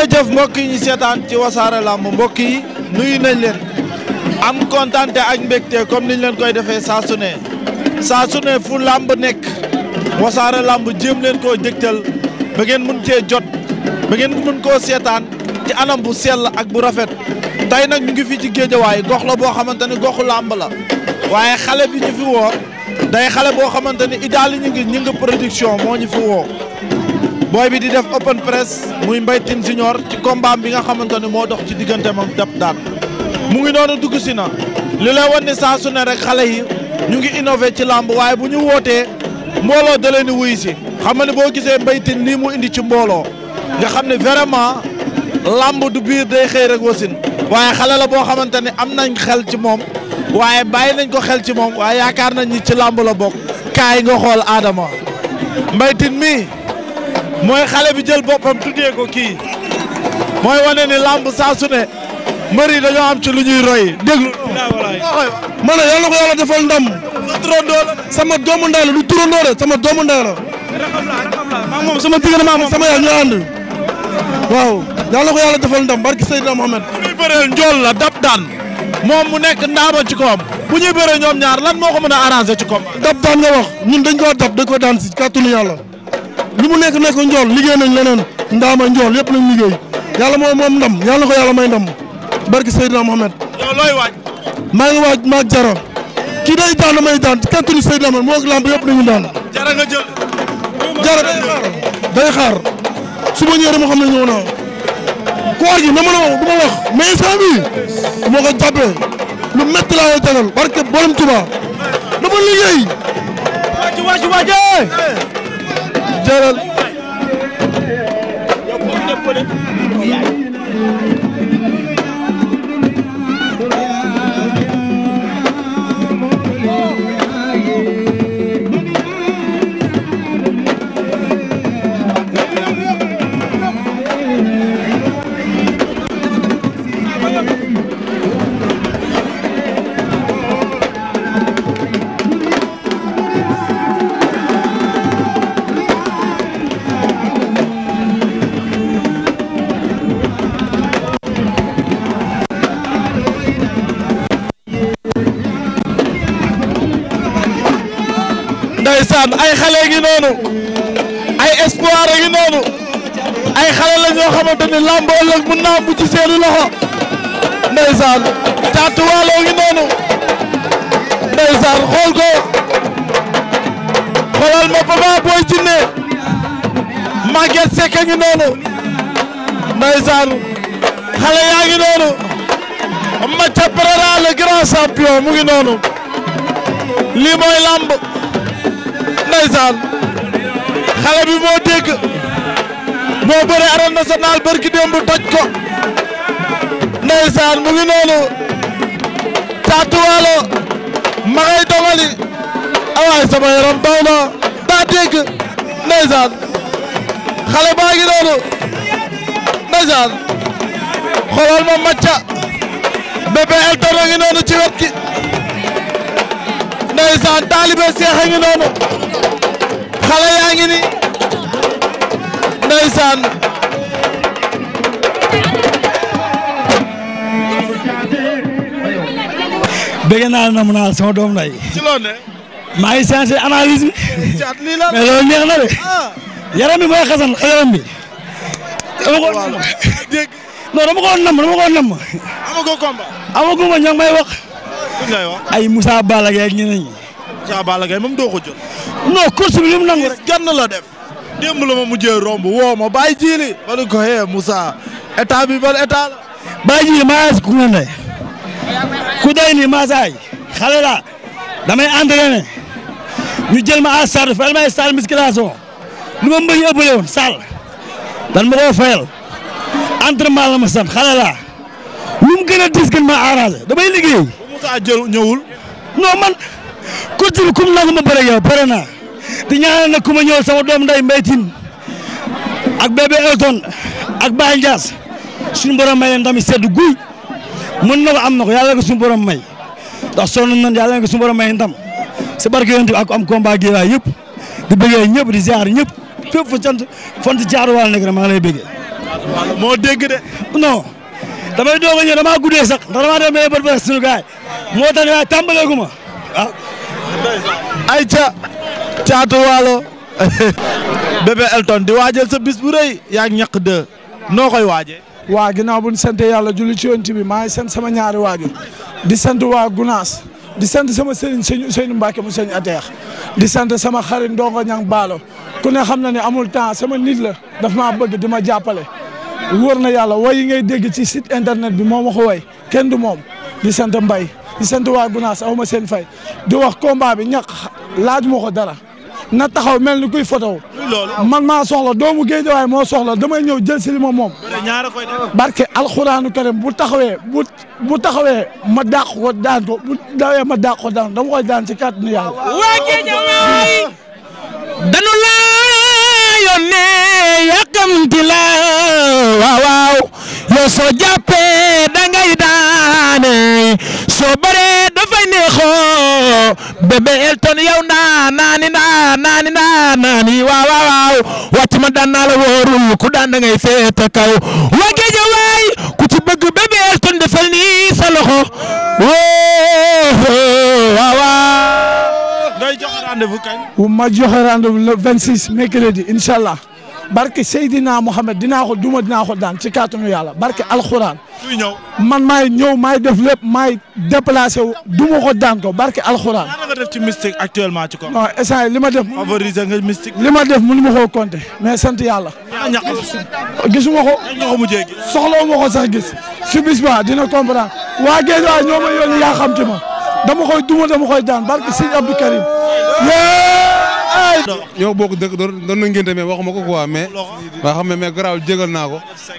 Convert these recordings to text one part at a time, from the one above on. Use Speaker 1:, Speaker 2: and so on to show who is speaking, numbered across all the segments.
Speaker 1: jërëjëf mbokk yi ñu seetaan ci wasaare làmb mbokk yi nuyu nañ leen am kontaan ak mbégte comme niñ leen koy defee saa su ne sunee su ne fu làmb nekk wasaare làmb jéem leen koo jëgtal ba ngeen mun cee jot ba ngeen mun koo seetaan ci anam bu sell ak bu rafet tey nag ñu ngi fii ci géejawaay gox la boo xamante ni goxu làmb la waaye xale bi ñu fi woo day xale boo xamante ni idaali ñu ngi ñu ngi moo ñu fi woo booy bi di def open press muy Mbaye Tine Junior ci combat bi nga xamante ne moo dox ci diggante moom dab daan mu ngi noonu dugg si na li lay won ni saa su ne rek xale yi ñu ngi innové ci làmb waaye bu ñu wootee mbooloo da leen di wuyu si xam nga ne boo gisee Mbaye Tine nii mu indi ci mbooloo nga xam ne vraiment làmb du biir day xëy rek wasin waaye xale la boo xamante ne am nañ xel ci moom waaye bàyyi nañ ko xel ci moom waaye yaakaar nañ ni ci làmb la bokk kaay nga xool Adama Mbaye mooy xale bi jël boppam tuddee ko kii mooy wane ni làmb saa su ne mbër yi dañoo am ci lu ñuy roy déglu. ma ne yàlla ko defal ndam. sa turandoo la sama doomu ndey la du turandoo de sama doomu ndey la. moom sama diggante maa moom sama yaay ñu ànd. waaw yàlla ko yàlla defal ndam barki Seydina Mohamed. bu ñuy bëree njool la dab daan. moom mu nekk ndaama ci koom. bu ñuy bëree ñoom ñaar lan moo ko mën a arrangé ci koom. dab daan nga wax ñun dañ koo dab dañ ko daan si kàttanu yàlla. li mu nekk nekk njool liggéey nañ leneen ndaama njool yëpp lañ liggéey yàlla mooy moom ndam yàlla na ko yàlla may ndam barki Seydina Mohamed. yow looy maa ngi waaj maag Jara kii day daan damay daan kàttanu Seydina Mohamed moo ak lamb yëpp nañu daan. Jara nga jël. Jara day xaar day xaar su ma ñëwee dama xam ne ñëw naa koor gi na ma a wax du ma wax mais saa bii du ma ko jàppee lu métti laa koy tegal barke borom Tuubaa dama liggéey. waaj waaj waaj jëlal ndeysaan ay xale ngi noonu ay espoir ngi noonu ay xale la ñoo xamante ni làmb ëllëg mën naa bu ci seeni loxo ndeysaan Caatu Waalo ngi noonu ndeysaan xool ko xoolal ma Papa Boy Djiné Maguette Seck ngi noonu ndeysaan xale yaa ngi noonu Macha Pereira le grand champion ngi noonu lii mooy ndeysaan xale bi moo dégg moo bëre arène nationale barki démb toj ko ndeysaan mu ngi noonu Caatu ma ngay dongali awaay sama yaram daw daa dégg ndeysaan xale baa ngi noonu ndeysaan xoolal ma macca bébé Elton a ngi noonu ci wet ndeysaan taalibe seex a ngi noonu xale yaa ngi ni ndeysaan bëgg na mu doom nday ci loolu ne maa ngi sensé analyse bi mais loolu neex na de ah. yaram bi mooy xasan yaram bi dama ko non dama ko namm dama ko namm amago combat amago ma ñang may ay Moussa Balla Gaye ak ñeneen ñi. Moussa Balla Gaye moom doo ko jot. non course bi li mu nangu rek gann la def. démb la ma mujjee romb woo ma bàyyi jiili. ma ne ko hee Moussa état bi ban état la. bàyyi jiili maa ngi ku ne ne ku day ni maasaay xale la damay entraîné ñu jël ma à Sarr fayal ma ay salle musculation lu ma mbëri ëppale woon salle dan ma koy fayal entraînement la ma sant xale la lu mu gën a dis gën ma arrangé damay liggéey. pourquoi jël ñëwul. non man ku jël kum na ma bëre yow bëre na di ñaanal nag ku ma ñëwal sama doom nday Mbaye Tine ak bébé Elton ak Baye Ndias suñu borom may leen ndami sedd guy mën na ko am na ko yàlla na ko suñu borom may ndax na ko suñu borom may ndam si barke yonent bi ak am combat gi waay yëpp di bëggee ñëpp di ziar ñëpp fépp fa sant font jaar wàll nekk rek maa ngi lay bëggee. moo dégg de. non damay doog a ñëw damaa guddee sax ndax damaa demee ba moo tax waaye tàmbaleegu ma ah. ay ca caatu waalo bébé Elton di waajal sa bis bu rëy yaa ngi ñàkk noo koy waaje waa ginnaaw bu ñu sant yàlla julli ci yonent bi maa ngi sama ñaari waajur di sant waa Gunaas di sant sama sëriñ sëñ Ousseynou Mbacke mu sëñ Ateex di sant sama xarit Ndongo Ñang Baalo ku ne xam na ne amul temps sama nit la daf maa bëgg di ma jàppale wóor na yàlla way yi ngay dégg ci sit internet bi moo ma ko kenn du moom di sant mbay di sant waa Gunaas aw ma seen fay di wax combat bi ñaq laaj ma ko dara na taxaw mel ni kuy foto man maa soxla doomu Géejawaay moo soxla damay ñëw jël si li ma moom barke alxuraanu karim bu taxawee bu bu taxawee ma dàq ko daan ko bu dawee ma ko daan dama koy daan ci kàttanu yàlla waa Géejawaay danu la yónnee yàkkamti la waaw waaw yow soo jàppee da ngay loxo bébé Elton yow naa naani naa naani naa naani waaw waaw waaw wàcc ma daan naa la ku daan da ngay féete kaw waa géej waay ku ci bëgg bébé Elton defal nii sa loxo waaw waaw. ngay joxe rendez-vous kañ. ma joxe rendez-vous le 26 mercredi incha allah. barke Seydina Mohamed dina ko duma dinaa ko daan ci kàttanu yàlla barke alxuraan. ñëw man maay ñëw maay def lépp maay déplacé wu duma ko daan ko barke alxuraan. ñaata nga def ci mystique ci ko. non li ma def. favoriser nga mystique. li ma def mënu ma koo compter mais sant yàlla. gisuma ko. soxla ma ko sax gis. su ba dina comprendre waa Géej waa ñoo ma yónni
Speaker 2: yaa ma dama koy duma dama koy daan barke Sëñ Abdou Karim. ñoo bokk dëkk doon na ngénte mais waxuma ko quoi mais waa xam ne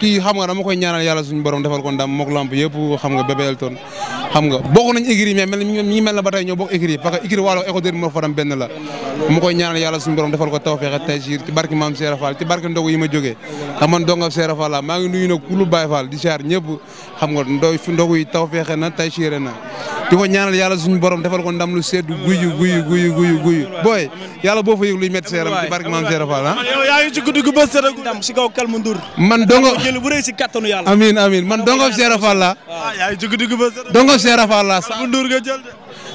Speaker 2: kii xam nga dama koy ñaanal borom defal ko ndam mook lamp yëpp xam nga bébé Elton xam nga bokk nañ écurie mais mel ñi ngi mel na ba tey ñoo bokk écurie parce que écurie Waalo écurie borom defal ko tawfeex ak taysiir ci barki maam Seera Fall ci barki ndogu yi ma jógee maa ngi nuyu nag ku lu Baay Fall xam nga ndoy fi ndogu yi taw feexe na tay siire na di ko ñaanal yàlla suñu borom defal ko ndam lu seddu guyu guyu guyu guyu guyu booy yàlla boo fa yëg luy métti seeram ci barke maam Seera Fall ah
Speaker 3: yow yaa ngi ci guddi gu bës ndam si kaw kalmu ndur
Speaker 2: man dongo jël bu rëy si kattanu yàlla amin amin man dongo Seera Fall la ah, yaa ngi ci guddi gu bës dongo Seera Fall la kalmu ndur nga jël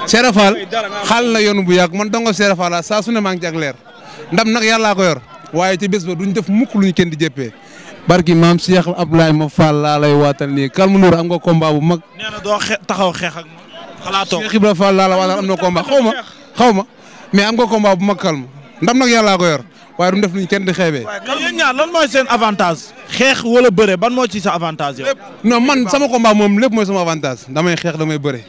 Speaker 2: Seera Fall xaal na yoon bu yàgg man dongo Seera Fall la saa su ne maa ngi ci ak leer ndam nag yàllaa ko yor waaye ci bés ba duñ def mukk luñ kenn di jëppee barki maam Cheikh Abdoulaye ma Fall laa lay waatal nii Calme Ndour am nga combat bu mag. taxaw xeex ak moom xalaatoo Cheikh Ibrahima la waatal am na combat xaw ma xaw ma mais am nga combat mag kalm ndam nag yàllaa ko yor waaye du def luñ kenn di xeebee. waaye yéen ñaar lan mooy seen avantage. xeex wala bëre ban moo ci sa avantage yow. man sama combat moom lépp mooy sama avantage damay xeex damay bëre.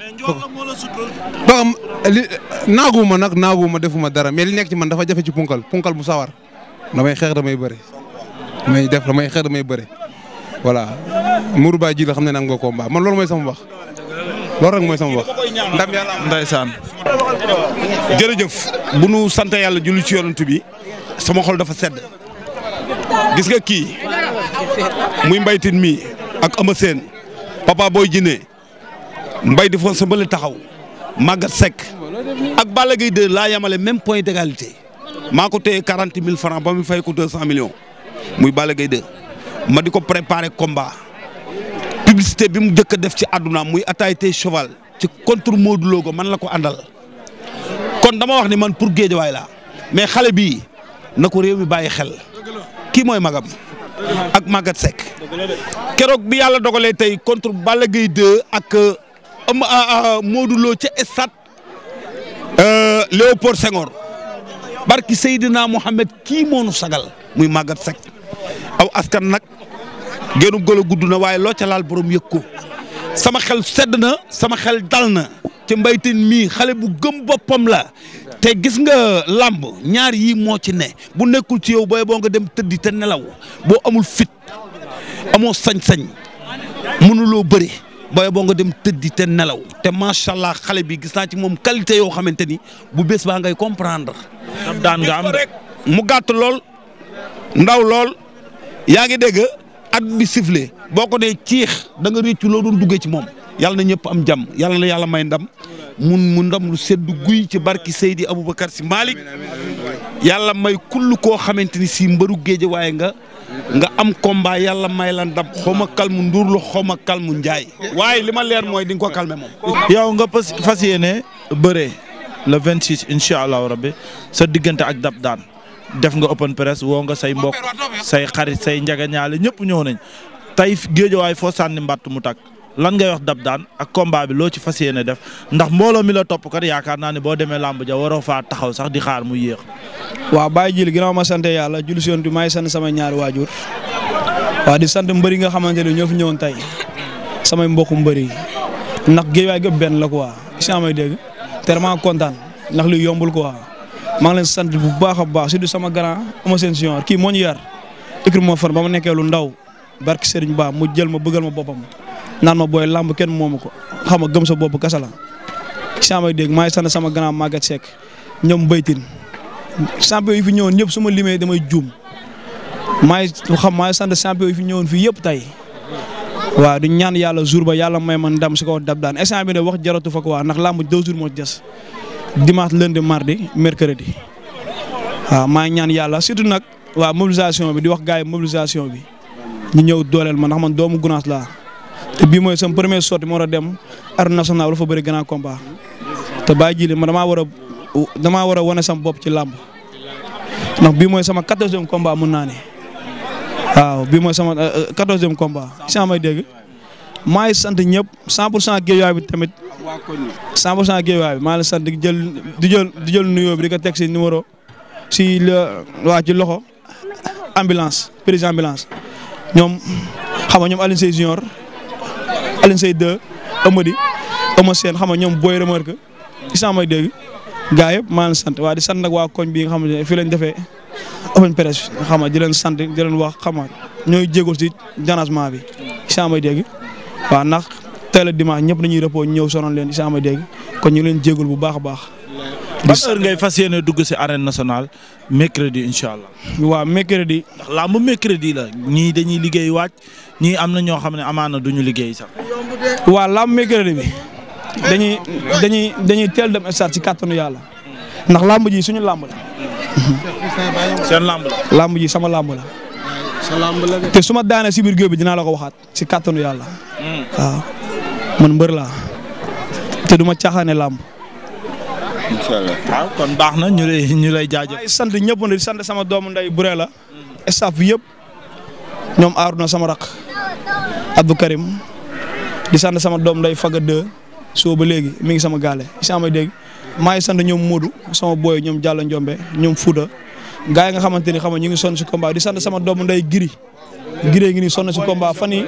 Speaker 2: mais li naaguwuma nag naaguwuma defuma dara mais li nekk ci man dafa jafe ci punkal punkal bu sawar damay xeex damay bëre. may def damay xeex damay bëre voilà Mourou Ba ji la xam ne nag nga combat man loolu mooy sama wax loolu rek mooy sama wax. ndam yàlla ndeysaan. jërëjëf bu nu sant yàlla julli ci
Speaker 1: yonent bi sama xol dafa sedd gis nga kii muy mbaytin mi ak Ama Sène Papa Boy Djiné mbay di force ba taxaw Maguette Seck ak Balla Gaye 2 laa yamale même point d'égalité maa ko téye 40 000 francs ba mu fay ko 200 millions. muy Balla Gaye 2 ma di ko préparer combat publicité bi mu njëkk def ci àdduna muy attaqué cheval ci contre Modou Lo man la ko àndal kon dama wax ni man pour waay la mais xale bi na ko réew mi bàyyi xel kii mooy magam ak Maguette Seck keroog bi yàlla dogalee tey contre Balla Gaye 2 ak euh, euh, euh, Modou Lo ca stade Léopold Senghor barki Seydina Mohamed kii moonu sagal muy Maguette Seck aw askan nag génn golo gudd na waaye loo ca laal borom yëg ko sama xel sedd na sama xel dal na ci mbaytin mii xale bu gëm boppam la te gis nga làmb ñaar yii moo ci ne bu nekkul ci yow booy boo nga dem tëddi te nelaw boo amul fit amoo sañ-sañ mënuloo bëri booy boo nga dem tëddi te nelaw te macha allah xale bi gis naa ci moom qualité yoo xamante ni bu bés baa ngay comprendre. daan nga am mu gàtt lool ndaw lool. yaa ngi dégg at bi sifflé boo ko dee ciix danga nga réccu loo doon duggee ci moom yàlla na ñëpp am jam yalla na yàlla may ndam mun mu ndam lu sedd guy ci barki Seydi Aboubacar si Malick yàlla may kull koo xamante ni si mbëru géej waaye nga nga am combat yàlla may la ndam xaw ma kalmu nduur la xaw ma kalmu njaay waaye li ma leer mooy di nga ko calmer moom. yow nga fas yéene bëree le 26 incha allahu rabbi sa diggante ak dab daan. def nga open press woo nga say mbok say xarit say njagañaale ñëpp ñëw nañ tey géejawaay foo sànni mbàtt mu tàkk lan ngay wax dab daan ak combat bi loo ci fas yéene def ndax mbooloo mi la topp kat yaakaar naa ne boo demee làmb ja waroo faa taxaw sax di xaar mu yéex.
Speaker 3: waaw Baye Djily ginnaaw ma sant yàlla jul si yoon bi maay sant samay ñaari waajur waa di sant mbëri nga xamante ne ñoo fi ñëwoon tey samay mbokku mbëri ndax géejawaay gëpp benn la quoi si amay dégg tellement kontaan ndax li yombul quoi. maa ngi leen sant bu baax a baax surtout sama grand ama seen junior kii moo ñu yar écrit moo fan ba ma nekkee lu ndaw barki Serigne Ba mu jël ma bëggal ma boppam naan ma booy làmb kenn moomu ko xam ma gëm sa bopp kasa la samay dégg maa ngi sant sama grand Maguette Seck ñoom baytin champion yu fi ñëwoon ñëpp su ma limee damay juum maa ngi xam maa sant champion yu fi ñëwoon fii yëpp tey waa du ñaan yàlla jour ba yàlla may man ndam si ko dab daan instant bi ne wax jaratu ko waa ndax làmb deux moo des dimanche lundi mardi mercredi waaw maa ngi ñaan yàlla surtout nag waaw mobilisation bi di wax gars yi bi ñu ñëw dooleel ma ndax ma doomu Gunaas laa te bii mooy sama première sortie moo war a dem a nationale la fa bëri grand combat te baa jili ma damaa war a damaa war a wane sama bopp ci làmb ndax bii mooy sama quatorzième combat mun naa ne waaw bii mooy sama euh, euh, quatorzième combat si may dégg sant ñëpp 100 pour cent Guédiawaye bi tamit. waa koñ bi. 100% Guédiawaye bi maa ngi sant di jël di jël di jël nuyoo bi di ko teg si numéro si la waa ji loxo ambulance président ambulance ñoom xam ñoom Alioune Seye junior Alioune Seye 2 Amady Ama Sène xam nga ñoom booy Remarque gis naa mooy dégg gaa yëpp maa sant waa di sant nag waa koñ bi nga xam ne fii lañ defee open presse xam nga di sant di leen wax xam nga ñooy jéego si dérangement bi gis naa mooy dégg waaw tey la dimanche ñëpp dañuy repos ñëw sonal leen isa ma
Speaker 1: dégg kon ñu leen jéegul bu baax a baax. ban heure ngay fas yéene dugg si arène nationale mercredi incha allah. waaw mercredi. ndax làmb mercredi la ñii dañuy liggéey waaj ñii am na ñoo xam ne amaana duñu liggéey sax. waaw làmb mercredi bi dañuy
Speaker 3: dañuy dañuy teel dem stade ci kàttanu yàlla ndax làmb ji suñu làmb la. lamb làmb la. ji sama làmb la. la te su ma daanee si biir géew bi dinaa la ko waxaat si kàttanu yàlla hmm. waaw. man mbër laa te du ma caaxaane làmb.
Speaker 1: incha allah kon baax na ñu lay ñu lay jaajëf. sant
Speaker 3: ñëpp di sant sama doomu nday Buré la. staff yëpp ñoom aar na sama raq Abdou Karim di sant sama doom nday Faga 2 soo ba léegi mi ngi sama gaale si amay dégg maa ngi sant ñoom Modou sama boy ñoom Diallo Ndiombe ñoom Fouta gars yi nga xamante ni xam ñu ngi sonn si combat di sant sama doomu nday Giri. girée ngi nii sonn si combat fan yi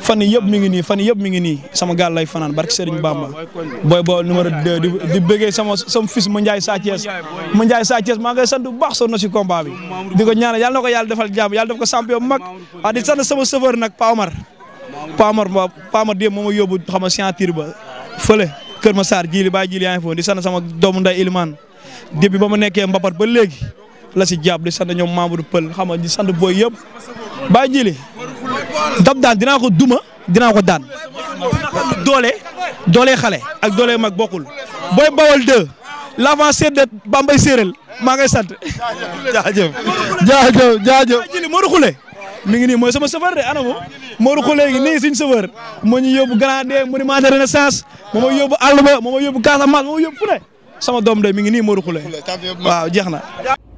Speaker 3: fan yëpp mi ngi nii fan yëpp mi ngi nii sama gaal lay fanaan barki Serigne Bamba booy boo numéro 2 di di bëggee sama sama ma Ndiaye Sa ma Ndiaye Sa Thiès maa ngay sant bu baax sonn si combat bi di ko ñaanal yàlla na ko yàlla defal jàmm yàlla def ko champion bu mag waaw ah, di sama chauffeur nag Pa Omar Pa Omar ba Pa Omar démb ma yóbbu xam a scientifique ba fële Kër Massar jili baa jili yaa ngi foofu di sant sama doomu nday Ilimane depuis ba ma nekkee Mbapat ba léegi la si jàpp di ñoom Mamadou Pël xam nga di sant booy yëpp Baye Djili dab daan dinaa ko duma dinaa ko daan doole doole xale ak doole mag bokkul booy bawol 2 l'avancée de Bambey séeréel maa ngay sant. jaajëf jaajëf jaajëf Baye Djili Modou mi ngi nii mooy sama chauffeur de ana mo Modou Khoule ngi nii suñu chauffeur moo ñu yóbbu Grand D monument de renaissance moo ma yóbbu àll ba moo ma yóbbu Casamance sama doom de mi ngi nii Modou Khoule
Speaker 1: waaw jeex na.